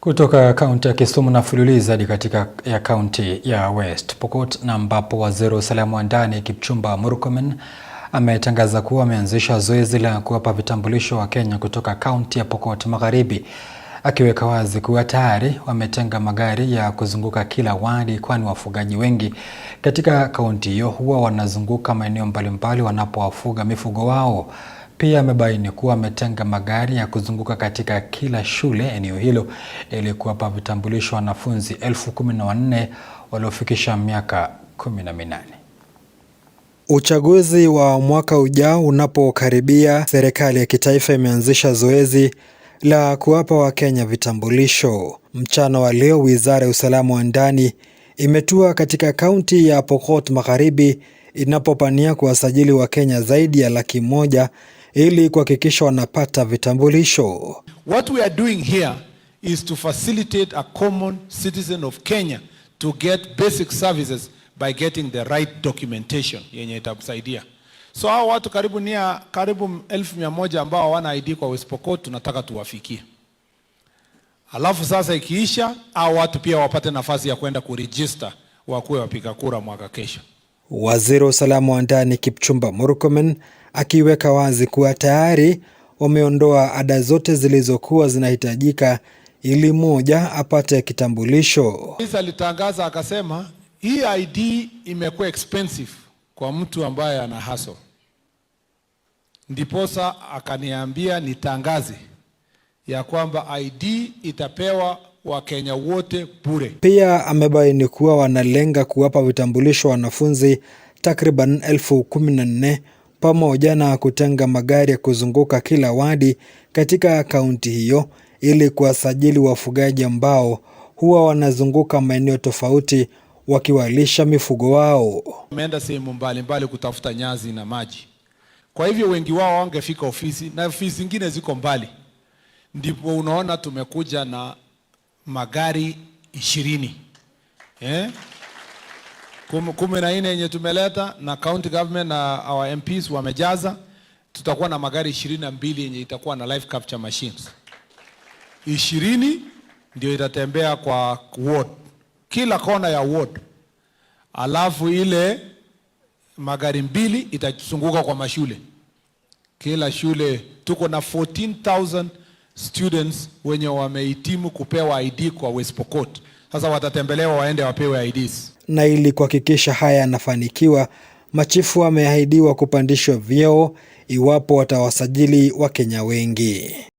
Kutoka kaunti ya Kisumu na fululiza hadi katika ya kaunti ya West Pokot na ambapo waziri wa usalama wa ndani Kipchumba Murkomen ametangaza kuwa ameanzisha zoezi la kuwapa vitambulisho wa Kenya kutoka kaunti ya Pokot Magharibi, akiweka wazi kuwa tayari wametenga magari ya kuzunguka kila wadi, kwani wafugaji wengi katika kaunti hiyo huwa wanazunguka maeneo mbalimbali wanapowafuga mifugo wao. Pia amebaini kuwa ametenga magari ya kuzunguka katika kila shule eneo hilo ili kuwapa vitambulisho wanafunzi elfu kumi na wanne waliofikisha miaka kumi na minane. Uchaguzi wa mwaka ujao unapokaribia, serikali ya kitaifa imeanzisha zoezi la kuwapa Wakenya vitambulisho. Mchana wa leo, Wizara ya Usalama wa Ndani imetua katika kaunti ya Pokot Magharibi inapopania kuwasajili Wakenya zaidi ya laki moja ili kuhakikisha wanapata vitambulisho. What we are doing here is to facilitate a common citizen of Kenya to get basic services by getting the right documentation yenye itamsaidia. So hao watu karibu nia karibu elfu mia moja ambao hawana ID kwa West Pokot tunataka tuwafikie. Alafu sasa ikiisha, hao watu pia wapate nafasi ya kwenda kuregister wakuwe wapiga kura mwaka kesho. Waziri wa usalama wa ndani Kipchumba Murkomen akiweka wazi kuwa tayari wameondoa ada zote zilizokuwa zinahitajika ili mmoja apate kitambulisho. Alitangaza akasema, hii ID imekuwa expensive kwa mtu ambaye ana haso, ndiposa akaniambia nitangaze ya kwamba ID itapewa Wakenya wote bure. Pia amebaini kuwa wanalenga kuwapa vitambulisho wanafunzi takriban elfu kumi na nne pamoja na kutenga magari ya kuzunguka kila wadi katika kaunti hiyo ili kuwasajili wafugaji ambao huwa wanazunguka maeneo tofauti wakiwalisha mifugo wao. Wameenda sehemu mbalimbali kutafuta nyazi na maji, kwa hivyo wengi wao wangefika ofisi na ofisi zingine ziko mbali, ndipo unaona tumekuja na magari ishirini eh? kumi na nne yenye tumeleta na county government na our MPs wamejaza. Tutakuwa na magari ishirini na mbili yenye itakuwa na life capture machines ishirini, ndio itatembea kwa ward, kila kona ya ward, alafu ile magari mbili itazunguka kwa mashule, kila shule tuko na 14000 students wenye wamehitimu kupewa ID kwa West Pokot. Sasa watatembelewa waende wapewe IDs. Na ili kuhakikisha haya yanafanikiwa, machifu wameahidiwa kupandishwa vyeo iwapo watawasajili Wakenya wengi.